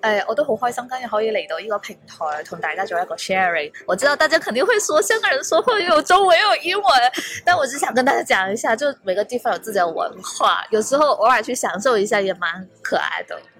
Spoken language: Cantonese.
誒、哎，我都好開心今日可以來到一個平台同大家做一個 sharing。我知道大家肯定會說香港人說話也有中文也有英文，但我只想跟大家講一下，就每個地方有自己的文化，有時候偶爾去享受一下也蠻可愛的。